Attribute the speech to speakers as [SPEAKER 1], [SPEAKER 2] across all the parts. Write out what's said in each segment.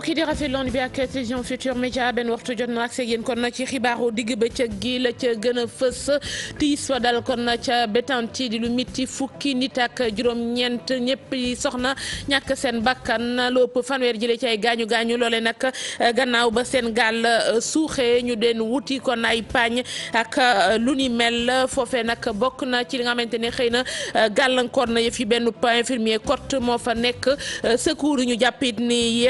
[SPEAKER 1] mbokk yi di rafetlu bi ak télévision Futurs Médias benn waxtu jot na ak seen kon na ci xibaaru digg bëccëg gi la ca gën a fës tiis fa dal kon na ca bétanti di lu miti fukki nit ak juróom-ñeent ñëpp yi soxna ñàkk seen bakkan lu ëpp fanweer jëlee ci ay gaañu gaañu loole nag gannaaw ba seen gaal euh, suuxee ñu den wuti kon ay paañ ak euh, lu ni mel foofee nag bokk na ci li nga xamante ni xëy na euh, gàllankoor na yëf yi benn infirmier cotte moo fa nekk secours ñu jàppit ni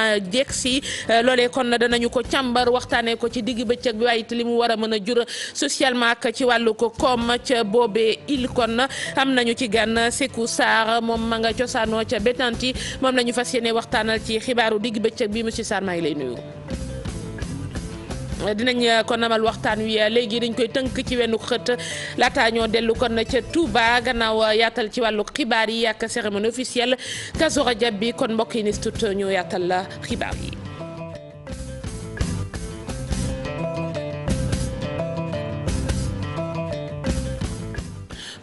[SPEAKER 1] a jekk si euh, loolee kon danañu ko càmbar waxtaanee ko ci digg bëccëg bi waaye li mu war a mën a jur socialement ak ci wàllu ko koom ca boobee il kon am nañu ci gan Sékou Sarr moom ma nga cosaanoo ca Bettenty moom la fas yéene waxtaanal ci xibaaru digg bëccëg bi monsieur Sarr maa lay nuyu. dinañ euh, kon namal waxtaan wi euh, léegi dañ koy tënk ci wenn xët laata ñoo dellu kon ca Touba gannaaw euh, yaatal ci wàllu xibaar yi ak cérémonie officielle Kazu Rajab bi kon mbokk yi ni stut ñu yaatal xibaar yi.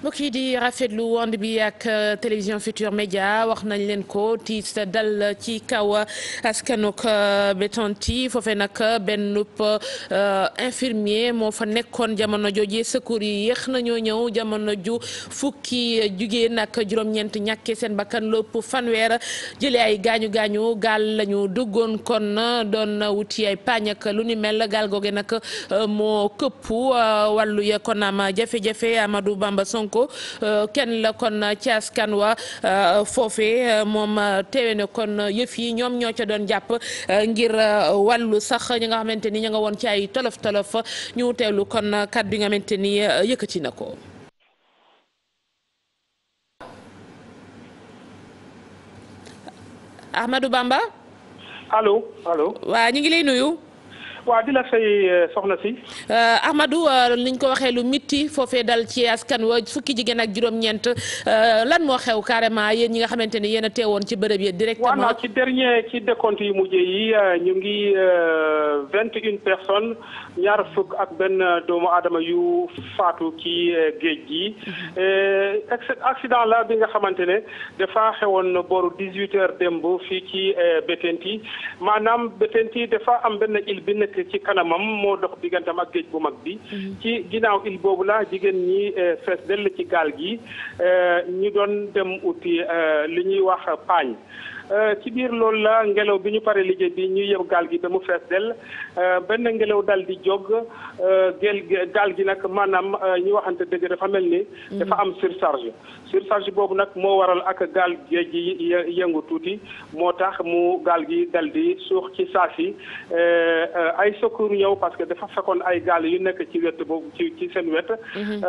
[SPEAKER 1] mbokk yi di rafetlu wand bi ak euh, télévision Futur Média wax nañ leen ko tiis dal ci kaw askanuk euh, Bettenty foofee nag benn euh, infirmier moo fa nekkoon jamono jooju secours yi yéex nañoo ñëw jamono ju fukki jigéen ak juróom-ñeent ñàkkee seen bakkan lépp fanweer jëlee ay gaañu gaañu gaal lañu duggoon kon doon wuti ay paañ lu ni mel gaal googe nag moo këpp wàllu ya kon am jafe-jafe Amadou Bamba Sonko ko euh, kenn la kon ci askan wa euh, foofe euh, moom teewe na kon yëf yi ñoom ñoo ca doon jàpp ngir wàllu sax ñi nga xamante ni ñu nga woon ci ay tolof tolof ñu teewlu kon kàddu yi nga xamante ni yëkkati na ko. Ahmadou Bamba. waa ñu ngi lay nuyu. waa di la fay euh, soxna si. Euh, Ahmadou liñ euh, ko waxee lu mitti foofee dal ci askan wa fukki jigéen ak juróom-ñeent lan moo xew carrément yéen ñi nga xamante ni yéen a teewoon ci bërëb yi directement. waaw
[SPEAKER 2] ci dernier ci décompte yu mujj yi ñu ngi vingt et une personnes ñaar fukk ak benn doomu aadama yu faatu ci géej gi. accident la bi nga xamante ne dafa xewoon booru dix huit heures fii ci Betenti maanaam Betenti dafa am benn île bi nekk nekk ci kanamam moo dox diggantam ak géej bu mag bi mm-hmm. ci ginnaaw il boobu la jigéen ñi euh, fees dell ci gaal gi euh, ñu doon dem uti euh, li ñuy wax paañ Euh, ci biir loolu la ngelaw bi ñu paree liggéey bi ñu yëw gaal gi damu fees del euh, benn ngelaw dal di jóg euh, gel gaal gi nag maanaam ñu waxante dëgg dafa mel ni mhm. dafa am surcharge surcharge boobu nag moo waral ak gaal géej gi yëngu tuuti moo tax mu gaal gi dal di suux ci saa si ay secours ñëw parce que dafa fekkoon ay gaal yu nekk ci wet boobu ci ci seen wet mhm.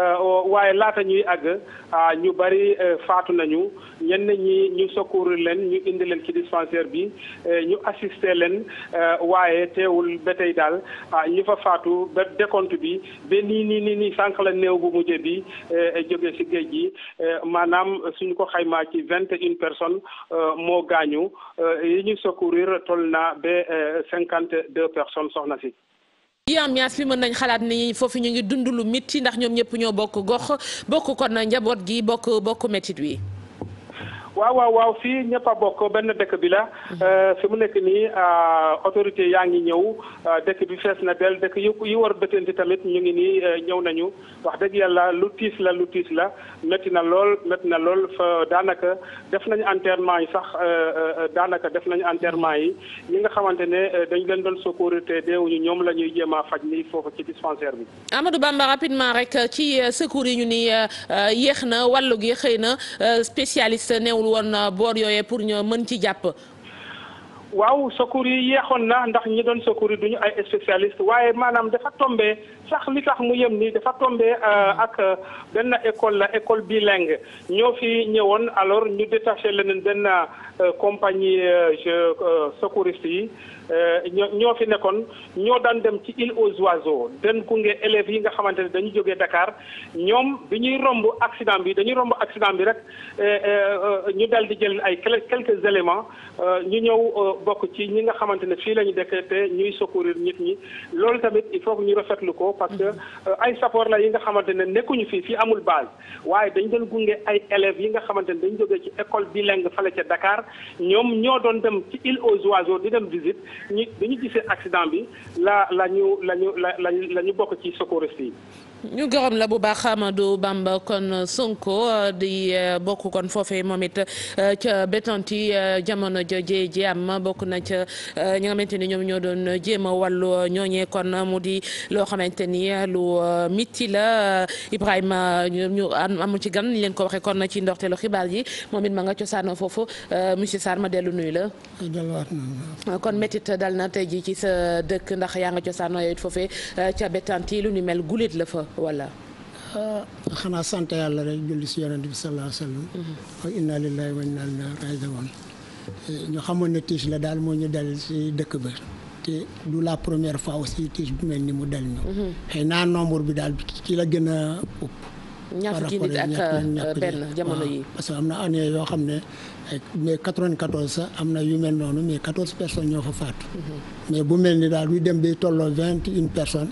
[SPEAKER 2] waaye laata ñuy àgg ah, ñu bari faatu nañu ñenn ñi ñu secours leen ñu indi leen ci dispensaire bi eh, ñu assister leen eh, waaye teewul ba tey daal ah, ñu fa faatu ba décompte bi ba nii nii nii nii la néew bu mujj bi eh, joge si géej gi maanaam suñu ko xaymaa ci vingt une personnes moo gaañu yi ñu secourir toll na ba cinquante deux personnes soxna si.
[SPEAKER 1] yi ambiance bi mën nañ xalaat ni foofu ñu ngi dund lu metti ndax ñoom ñëpp ñoo bokk gox bokk kon njaboot gi bokk bokk metit wi
[SPEAKER 2] waaw waaw waaw fii ñëpp a bokk benn dëkk bi la mhm. euh, fi mu nekk nii euh, autorité yaa ngi ñëw euh, dëkk bi fees na del dëkk yu yi war bëtanti tamit ñu ngi nii ñëw nañu wax dëgg yàlla lu tiis la lu tiis la metti na lool metti na lool fa daanaka def nañu enterrement yi sax daanaka def nañu enterrement yi ñi nga xamante ne dañ leen doon sécurité deewuñu ñoom la ñuy jéem a faj nii foofu ci dispensaire bi
[SPEAKER 1] Amadou Bamba rapidement rek ci secours yi ñu ni yéex na wàllu gi xëy na spécialiste neewul woon euh, boor yooyee pour ñu mën ci jàpp.
[SPEAKER 2] waaw secours yeexoon na ndax ñi doon secours duñu ay spécialiste waaye maanaam dafa tombé sax li tax mu yem nii dafa tombé euh, ak euh, benn école la école bilingue ñoo fi ñëwoon alors ñu détaché leneen benn compagnie secouriste yi. Euh, ñoo fi nekkoon ñoo daan dem ci île aux oiseaux den gunge élèves yi nga xamante ne dañu jógee dakaar ñoom bi ñuy romb accident bi dañuy romb accident bi rek euh, euh, ñu dal di jël ay quelques éléments ñu ñëw bokk ci ñi nga xamante ne fii la ñu dekk te ñuy secourir nit ñi loolu tamit il faut que ñu rafetlu ko parce que ay support la yi nga xamante ne nekkuñu fii fii amul base waaye dañ doon gunge ay élèves yi nga xamante ne dañu jógee ci école bilingue fale ca Dakar ñoom ñoo doon dem ci île aux oiseaux di dem ñi bi ñu gisee accident bi la la ñu la ñu la la la ñu bokk ci secouriste yi
[SPEAKER 1] ñu gërëm la bu baax Amadou Bamba kon Sonko euh, di euh, bokk kon foofee moom it euh, ca bétanti jamono jooju ji am bokk na ca ñi xamante ni ñoom ñoo doon jéem a wàllu ñooñee kon mu di loo xamante ni lu miti la Ibrahima ñu amu ci gan ñu leen ko waxee kon ci ndorteelu xibaar yi moom it ma nga cosaanoo foofu monsieur Sarr ma dellu nuyu la. kon dal na tey ji ci sa dëkk ndax yaa nga cosaanoo it foofee ca bétanti lu ni mel gulit la fa. voilà.
[SPEAKER 3] Ah, xanaa sant yàlla rek julli si yonent bi sallallahu alayhi wa sallam. Mm-hmm. inna lillahi wa inna ilayhi raaji'uun ñu xamoon ne tiis la daal moo ñu dal si dëkk ba te du la première fois aussi tiis bu mel ni mu dal ñu. Mm-hmm. xëy naa nombre bi daal ci la gën a ëpp.
[SPEAKER 1] ñaar fukki nit ak euh, benn jamono yi
[SPEAKER 3] parce am na année yoo xam ne mais 94 sax am na yu mel noonu mais 14 personnes ñoo fa faatu. mais bu mel ni daal luy dem bi tolloo vingt une personne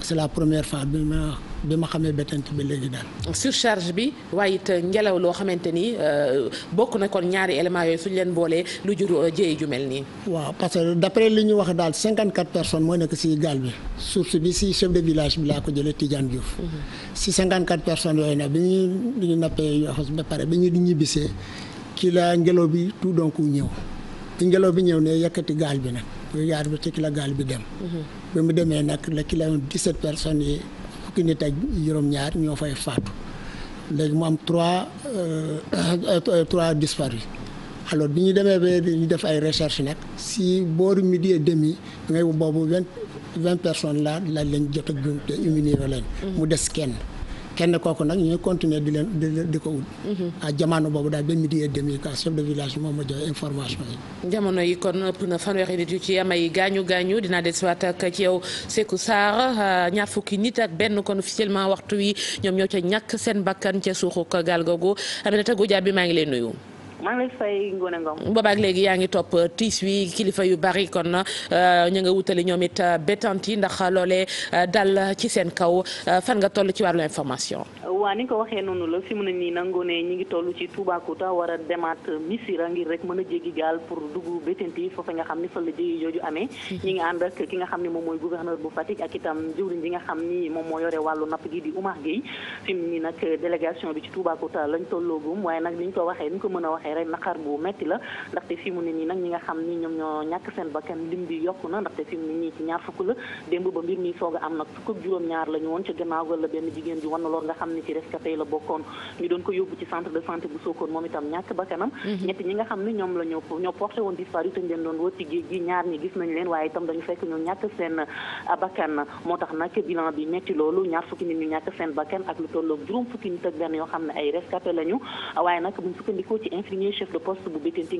[SPEAKER 3] c' la première fois bi ma bi ma xamee Bettenty bi léegi daal.
[SPEAKER 1] surcharge bi waaye it ngelaw loo xamante ni euh, bokk na kon ñaari éléments yooyu suñ leen boolee lu jur euh, jéey ju mel nii.
[SPEAKER 3] waaw parce que d' après li ñu wax daal 54 personnes moo nekk si gaal bi source bi si chef de village bi laa ko jëlee Tidiane ci la ngelaw bi tout donc ñëw ci ngelaw bi ñëw ne yëkkati gaal bi nag yaar bi ci ki gaal bi dem mhm. bi mu demee nag la ki la dix-sept personnes yi fukki nit ak juróom-ñaar ñoo fay faatu léegi mu am trois euh, trois disparus alors bi ñu demee ba ñu def ay recherche nag si booru midi et demi ngay boobu vingt vingt la la laaj jot a gën te humilier leen mhm. mu des kenn kenn kooku nag ñu ngi continuer di leen di di ko wut. Mhm. ah jamono boobu daal ba midi et demi quoi chef de village moom ma joxe information
[SPEAKER 1] yi. jamono yi kon ëpp na fanweeri nit yu ci am ay gaañu gaañu dinaa desiwaat ak ci yow Sekou saar ah, ñaar fukki nit ak benn kon officiellement waxtu wi ñoom ñoo ca ñàkk seen bakkan ca suuxu gaal googu Aminata Goudia bi maa ngi leen nuyu.
[SPEAKER 4] maa ngi lay fay Ngoné Ngom.
[SPEAKER 1] boobaak léegi yaa ngi topp tiis wii kilifa yu bari kon euh, ñu nga wutali ñoom it euh, bétant yi ndax loolee euh, dal ci seen kaw fan nga toll ci wàllu information.
[SPEAKER 4] waa ni nga ko waxee noonu la fi mu ne nii nangu ne ñi ngi toll ci Toubacouta war a demaat Missirah ngir rek mën a jéggi gaal pour dugg Bettenty foofa nga xam ni fa la jéggi jooju amee mhm. ñi nga xam ne moom mooy gouverneur bu Fatick nga xam ni moom moo yore wàllu napp gi di Oumar Gueye fi mu ni nag délégation bi ci Toubacouta lañ tolloogum waaye ko waxee ko mën a waxee rek naqar bu metti la ndaxte nag ñi nga xam ni ñoom ñoo ñàkk seen bakkan lim bi yokku na ndaxte fi mu ne nii ci ñaar fukk la démb ba mbir mi soog am nag fukk juróom ñaar la woon ca gannaaw la benn jigéen ji wan loor nga xam ni ci rescapé yi la bokkoon ñu doon ko yóbbu ci centre de santé bu Sokone moom itam ñàkk bakkanam mhm. ñett ñi nga xam ne ñoom la ñoo porté woon disparu te ñu ah, nga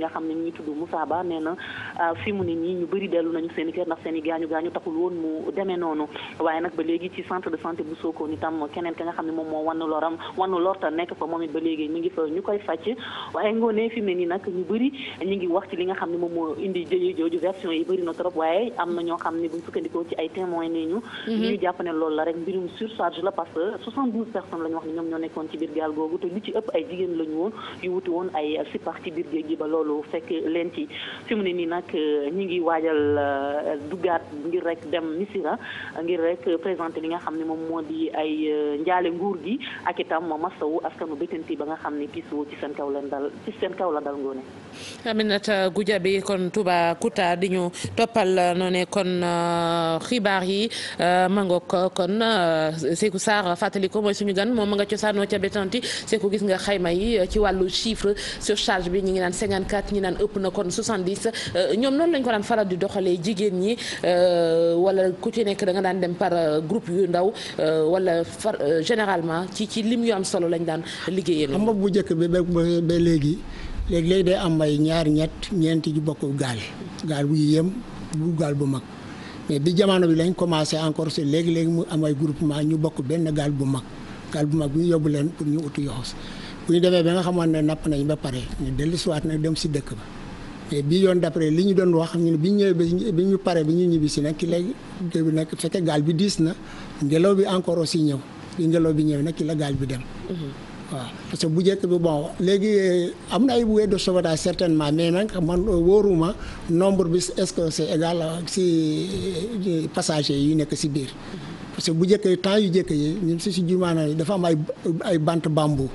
[SPEAKER 4] xam ne ñuy tudd Moussa Ba nee na ah, ñu bëri dellu nañu seen kër ndax seen gaañu gaañu taxul woon mu demee noonu waaye nag ba léegi ci centre de santé bu Sokone itam keneen ka nga xam ne moom moo wannu loram wannu lor ta nekk ko moom it ba léegi ñu ngi fa ñu koy fàcc waaye ngoonee fi ne nii nag ñu bëri ñu ngi wax ci li nga xam ne moom moo indi jëye jooju version yi bëri na trop waaye ñoo xam ne buñ sukkandikoo ci ay témoins mhm. jàpp ne loolu la rek mbirum surcharge la que 72 personnes la ñu wax ne ñoom ñoo nekkoon gi ba loolu fekk leen ci fi mu ne nii euh, ngi waajal euh, duggaat ngir rek dem Missira ngir rek présenter li nga xam ne moom moo di ay euh, njaale nguur gi ak itam masawu askanu bétanti ba nga xam ne pisu ci seen kaw la dal ci seen kaw la dal ngoone
[SPEAKER 1] Aminata Goudiaby kon tubaa Toubacouta di ñu toppal noo ne kon euh, xibaar yi euh, mangook kon euh, Sékou Sarr fàttali ko mooy suñu gan moom ma nga cosaanoo ca bétanti Sékou gis nga xayma yi ci wàllu chiffre surcharge bi ñu ngi naan 54 ñi naan ëpp na kon 70 ñoom noonu lañ ko daan faral di doxalee jigéen ñi wala ku ci nekk danga daan dem par groupe yu ndaw wala généralement ci ci lim yu am solo lañ daan liggéeyee noonu. xam
[SPEAKER 3] nga bu jëkk bi ba ba léegi léegi léegi day am ay ñaar ñett ñeenti ju bokk gaal gaal bu yem bu gaal bu mag mais jamono bi lañ commencé encore léegi léegi mu am ay ñu bokk benn gaal bu mag gaal bu mag bi ñu yóbbu leen pour ñu utu yoxos bu ñu demee ba nga xamoon ne napp nañ ba pare ñu dellu siwaat nag dem si dëkk ba mais bii yoon d'après li ñu doon wax ñu ne bi ñu ñëwee bi ñu paree bi ñu ñibbi si nag ki léegi bi nag fekkee gaal bi diis na ngelaw bi encore si ñëw. bi ngelaw bi ñëw nag ci la gaal bi dem. Mhm. waaw parce que bu njëkk bon léegi eh, am na ay bouées de sauvetage certainement mais nag man euh, wóoruma nombre bi est-ce que c'est égal si eh, eh, passagers yi nekk si biir. parce que bu njëkk temps yu njëkk yi ñun si si jumaana dafa am ay ay bant bambou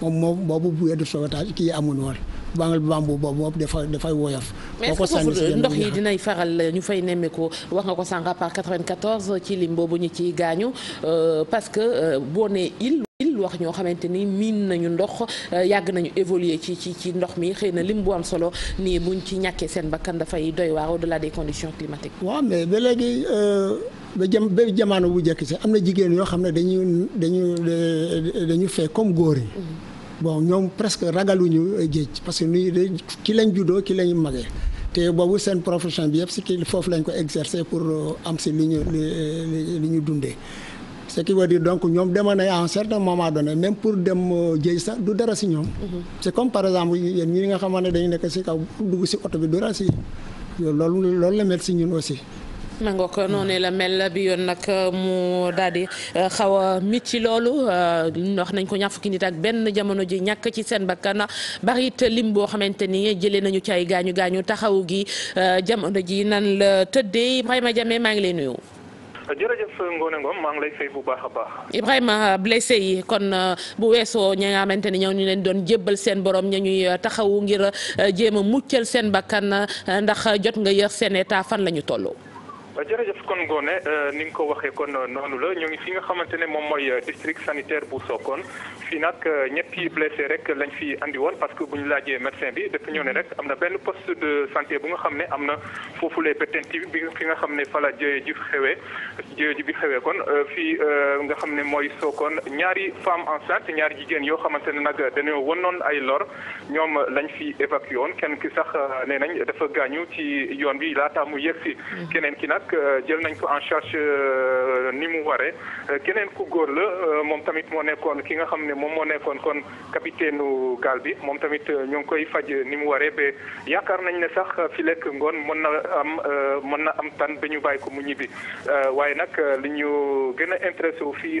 [SPEAKER 3] moom moom boobu bouée de sauvetage kii amul woon bant bambou boobu moom dafa dafay woyof. mais est-ce que ndox yi
[SPEAKER 1] dinay faral ñu fay nemmeeku wax nga ko sànq à part 94 ci lim bu ñu ciy gaañu euh, parce que euh, boo nee il il wax ñoo xamante ni miin nañu ndox euh, yàgg nañu évoluer ci ci ci ndox mi xëy na lim bu am solo nii buñ ci ñàkkee seen bakkan dafay doy waar au-delà condition conditions climatiques. waaw mais
[SPEAKER 3] ba léegi ba jam ba jamono bu njëkk si am na jigéen yoo xam ne dañuy dañu dañu fee comme góor yi. Mm-hmm. bon ñoom presque ragaluñu géej parce que ni ki lañ juddoo ki lañ magee. te boobu seen profession bi yëpp si kii foofu lañ ko exercer pour euh, am si li ñu li ñu dundee ce qui veut dire donc ñoom demoon nañ à un certain moment donné même pour dem euh, jëy sax du dara si ñoom. Mhm. c'est comme par exemple yéen ñi nga xamante ne dañu nekk si kaw dugg si oto bi du dara si loolu loolu la mel si ñun aussi.
[SPEAKER 1] nangoo ko noonu la mel bi yoon nag euh, mu daal di euh, xaw a mit ci loolu euh, wax nañ ko ñaar benn jamono ji ñàkk ci seen bakkan bari lim boo xamante ni jëlee nañu ci ay gaañu gaañu taxaw gi jamono ji nan la tëddee Ibrahima Jame maa ngi lay maa
[SPEAKER 5] ngi lay fay
[SPEAKER 1] Ibrahima blessé kon bu weesoo ñi nga xamante ni ñoo ñu leen doon jëbbal seen boroom ñañuy ñuy taxawu ngir jéem a muccal seen bakkan ndax jot nga yër seen état fan lañu ñu
[SPEAKER 5] jërëjëf kon Ngoné euh, ni nga ko waxee kon euh, noonu la ñu ngi fi nga xamante ne moom mooy euh, district sanitaire bu Sokone fii nag euh, ñetti blessé rek lañ fi andi woon parce que bu ñu laajee médecin bi def ñëw ne rek am na benn poste de santé bu nga xam ne am na foofulee pétenti bi fi nga xam ne fala jëye ji xewee jëye ji bi xewee kon euh, fii euh, nga xam ne mooy sookoon ñaari femme enceinte ñaari jigéen yoo xamante ne nag dañoo wonoon ay lor ñoom lañ fi évacué woon kenn ki sax nee nañ dafa gaañu ci yoon bi laa mu yegg si mm-hmm. keneen ki nag jël nañ ko en charge ni mu waree euh, keneen ku góor la euh, moom tamit moo nekkoon ki nga xam ne moom moo nekkoon kon capitaine gaal bi moom tamit euh, ñu ngi koy faj ni mu waree ba yaakaar nañ ne sax fi lekk ngoon mën na am mën na am tan ba ñu bàyyi ko mu ñibbi waaye nag li ñu gën a intéressé wu fii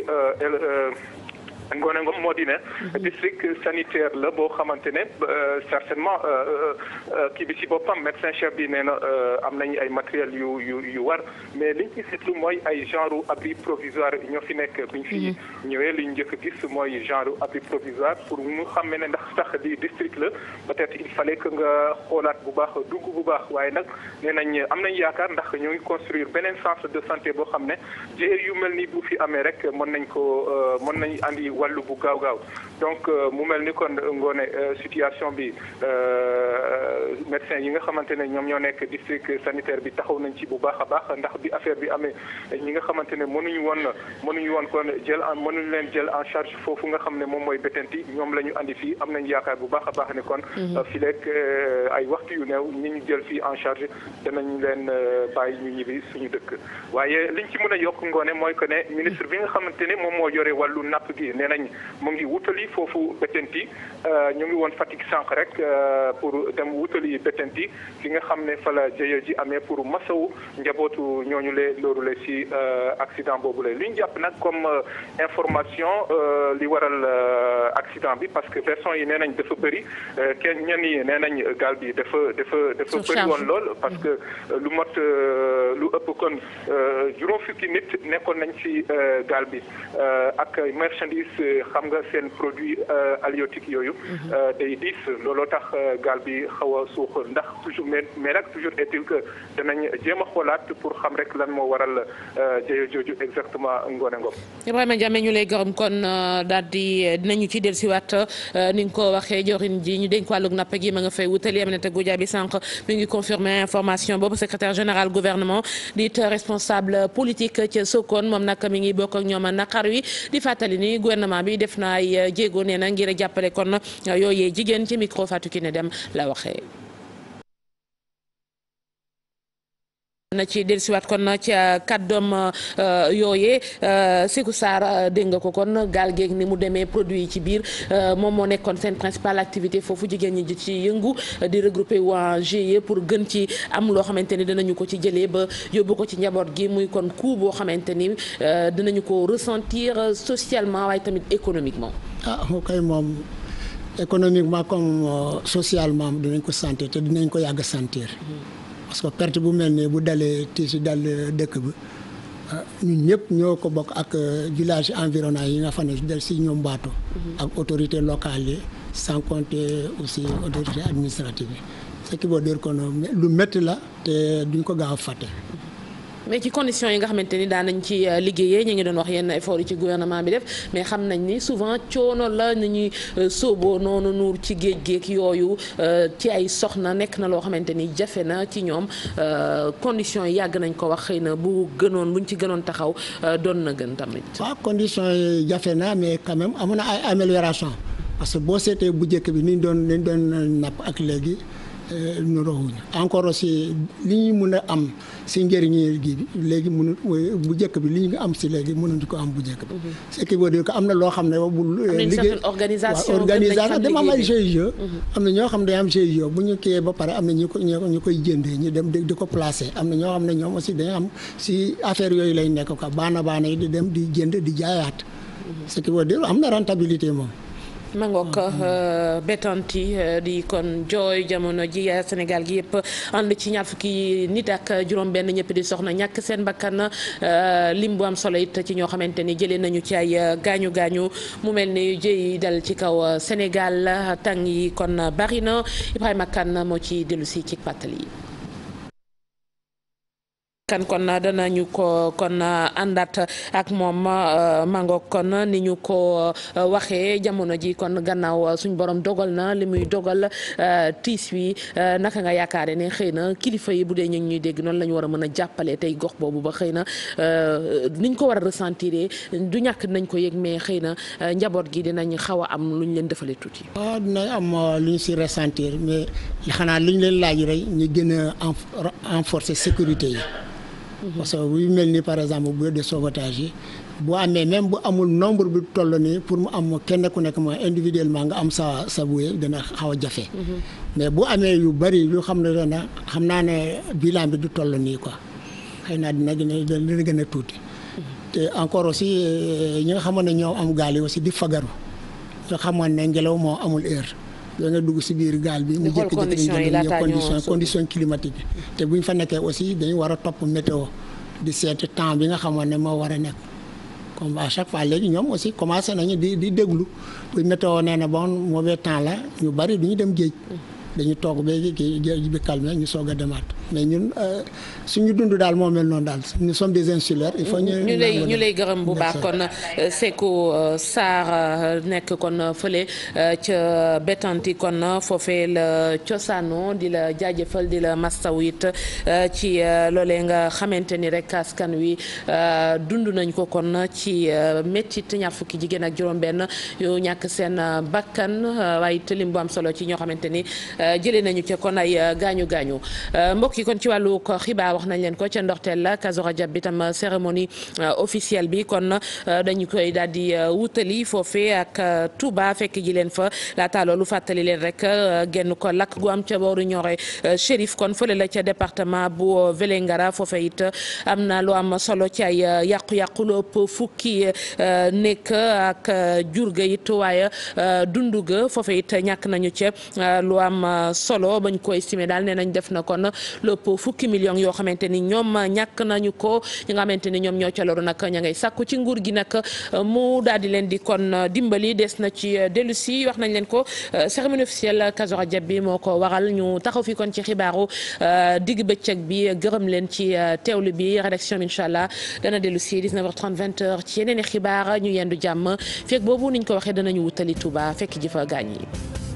[SPEAKER 5] Ngoné Ngom moo di ne mhm. district sanitaire la boo xamante ne euh, certainement euh, euh, kii bi si boppam médecin chef bi nee na am nañ ay matériel yu yu yu war mais li ci seetlu mooy ay genre abri provisoire ñoo fi nekk mhm. biñ fi ñëwee liñ njëkk gis mooy genre abri provisoire pour mu xam ne ndax sax di district la peut-être il fallait que nga xoolaat bu baax dugg bu baax waaye nag nee nañ am nañ yaakaar ndax ñoo ngi construire beneen centre de santé boo xam ne jéer yu mel ni bu fi amee rek mën nañ ko mën nañ andi wàllu bu gaaw gaaw donc euh, mu mel ni kon ngoone euh, situation bi euh, médecin yi nga xamante ne ñoom ñoo nekk district sanitaire bi taxaw nañ ci bu baax a baax ndax bi affaire bi amee ñi nga xamante ne mënuñu woon mënuñu woon kon jël en mënuñu leen jël en charge foofu nga xam ne moom mooy Bettenty ñoom la ñu andi fii am nañ yaakaar bu baax a baax ne kon mhm. fi lekk ay waxtu yu new ñi ñu jël fii en charge danañ leen bàyyi ñu ñibbi suñu dëkk waaye liñ ci mën a yokk ngoone mooy nañ mu ngi wutali foofu Bettenty euh, ñu ngi woon Fatick sànq rek euh, pour dem wutali Bettenty li nga xam ne fala la ji amee pour masawu njabootu ñooñu le loolu le si euh, accident boobu la li ñu jàpp nag comme information li waral accident bi parce que version yi nee nañ dafa bëri kenn ñenn yi nee nañ gaal bi dafa dafa dafa bëri woon lool parce que mm. lu mot ëpp kon euh, juróom fukki nit nekkoon nañ ci euh, gaal bi euh, ak marchandise xam nga seen produit halieutique yooyu mhm. day diis looloo tax gaal bi xaw a suux ndax toujours mais mais nag toujours est-il que danañ jéem a xoolaat pour xam rek lan moo waral jëye jooju exactement ngoone ngom
[SPEAKER 1] Ibrahima Diame ñu lay gërëm kon daal di dinañu ci dellusiwaat ni nga ko waxee jorin ji ñu dénk wàllug napp gi ma nga te wutali Aminata Goudiaby sànq mi ngi confirmer information boobu secrétaire général gouvernement di it responsable politique ca Sokone moom nag mi ngi bokk ak ñoom naqar wi di fàttali ni gouvernement bi def na ay jéego nee na ngir jàppale kon yooyee jigéen ci micro Fatou Kiné Deme la waxee. na ci dellusiwaat kon na ca kàddoom euh, yooyee euh, Sékou Sarr euh, dégg nga ko kon gaal géeg ni mu demee produit yi ci biir moom moo nekkoon seen principale activité foofu jigéen ñi di ci yëngu di regroupé waa GIE pour gën ci am loo xamante ni dinañu ko ci jëlee ba yóbbu ko ci njaboot gi muy kon coût boo xamante ni dinañu ko ressentir socialement waaye tamit économiquement.
[SPEAKER 3] ah kay moom économiquement comme socialement dinañ ko sentir te dinañ ko yàgg sentir. Mm-hmm. parce que perte bu mel nii bu dalee ti si dal dëkk bi ah, ñun ñëpp ñoo ko bokk ak euh, village environnant yi nga xam ne del si ñoo mbaato mhm. ak autorité locale yi sans compter aussi autorité administrative yi ce qui veut dire lu métti la te duñ ko gaaw a fàtte mhm.
[SPEAKER 1] mais ci conditions yi nga xamante ni daan nañ ci euh, liggéeyee ñu ngi doon wax yenn effort yi ci gouvernement bi def mais xam nañ ni souvent coono la na ñuy euh, sóoboo noonu nuur ci géej géeg yooyu euh, ci ay soxna nekk na loo xamante ni jafe na ci ñoom conditions yi yàgg nañ ko wax xëy na bu gënoon buñ ci gënoon taxaw doon na gën tamit.
[SPEAKER 3] waaw conditions yi jafe na mais quand même amoon na ay amélioration parce que boo seetee bu njëkk bi ni doon ni ñu doon napp ak léegi. Euh, nuroowuñu encore aussi li ñuy mun a am si njëriñu gi léegi mënu bu njëkk bi li ñu am si léegi mënuñu ko am bu njëkk bi. Mhm. ce qui veut dire que am na loo xam ne bu. liggéey organisation organisation dama am ay GIE. Mhm. am na ñoo xam ne day am GIE bu ñu kiiyee ba pare am na ñu ko ñu koy jëndee ñu dem di ko placer am na ñoo xam ne ñoom aussi dañu am si affaire yooyu lay nekk quoi baana baana yi di dem di jënd di jaayaat. Mhm. ce qui veut dire am na rentabilité moom.
[SPEAKER 1] ma ngoog mm-hmm. euh, bettanti euh, di kon jooy jamono ji yaa euh, Sénégal gi yëpp ànd ci ñaar fukki nit ak juróom-benn ñëpp di soxna ñàkk seen bakkan lim bu am solo it ci ñoo xamante ni jëlee nañu ci ay gaañu gaañu mu mel ni jëy dal ci kaw Sénégal tàng yi kon bari na Ibrahima Kane moo ci dellu si ci pàttali yi. askan kon danañu ko kon àndaat ak moom euh, mangoog kon ni ñu ko euh, waxee jamono ji kon gannaaw suñ borom dogal na li muy dogal euh, tiis wi naka nga yaakaare ne xëy na kilifa yi bu dee ñu ñuy dégg noonu la ñu war a mën a jàppale tey gox boobu ba xëy na niñ ko war a ressentir du ñàkk nañ ko yëg mais xëy na njaboot gi dinañ xaw a am lu ñu leen defalee tuuti.
[SPEAKER 3] waaw dinañ am lu ñu si ressentir mais xanaa lu ñu leen laaj rek ñu gën a renforcer sécurité yi. parce que bu mel ni par exemple bu de sauvetage yi boo amee même bu amul nombre bi toll nii pour mu am kenn ku nekk mooy individuellement nga am sa sa buye dana xaw a jafe. Mhm. mais bu amee yu bari yu xam ne dana xam naa ne bilan bi du toll nii ko xëy naa dina dina gën a tuuti. Mhm. te encore aussi ñi nga xamoon ne ñoo am gaal yi aussi di fagaru nga xamoon ne ngelaw moo amul heure. da nga dugg si biir gaal bi. mu jëkk jëkk condition condition climatique bi. te bu ñu fa nekkee aussi dañu war a topp météo di seeti temps bi nga xamoon ne moo war a nekk. comme à chaque fois léegi ñoom aussi commencé nañu di di déglu bu météo nee na bon mauvais temps la ñu bari du ñu dem géej. Mm. dañu toog ba kii géej bi calme ñu soog a demaat. mais ñun euh, ñu dund daal moo mel noonu daal nous sommes des insulaires il faut ñu lay ñu lay gërëm bu baax kon
[SPEAKER 1] euh, seko euh, saar nekk kon fële ca Bettenty kon foofee la cosaano di la jaajëfal di la mastaw it ci loole nga xamante ni rek askan wi dund nañ ko kon ci méttit ñaar fukki jigéen ak juróom-benn yu ñàkk seen bakkan waaye tëlim bu am solo ci ñoo xamante ni jëlee nañu ca kon ay gaañu gaañu mbokk kon ci wàllu ko xibaa wax nañ leen ko ca ndorteel la kaso Rajab bi tam cérémonie euh, officielle bi kon euh, dañu koy daal di euh, wutali foofee ak Touba fekk ji leen fa laata loolu fàttali leen rek genn ko lakk gu am ca booru Nioro Chérif kon fële la ca département bu Vélingara foofe it am na lu am solo ci ay yàqu-yàqu lu ëpp fukki nekk ak jur ga it waaye dundu foofe it ñàkk nañu ca lu am solo bañ ko estimé daal nee nañ def na kon lopp fukki million yoo xamante ni ñoom ñàkk nañu ko ñi nga xamante ni ñoom ñoo ca loru nag ña ngay sàkku ci nguur gi nag mu daal di leen di kon dimbali des na ci dellu wax nañ leen ko cérémonie officielle Kazu Rajab bi moo ko waral ñu taxaw fi kon ci xibaaru euh, digg bëccëg bi gërëm leen ci euh, teewlu bi rédaction bi incha allah dana dellu si 19h30 20h ci yeneen i xibaar ñu yendu jàmm fekk boobu niñ ko waxee danañu wutali tubaa fekk ji fa gaañ yi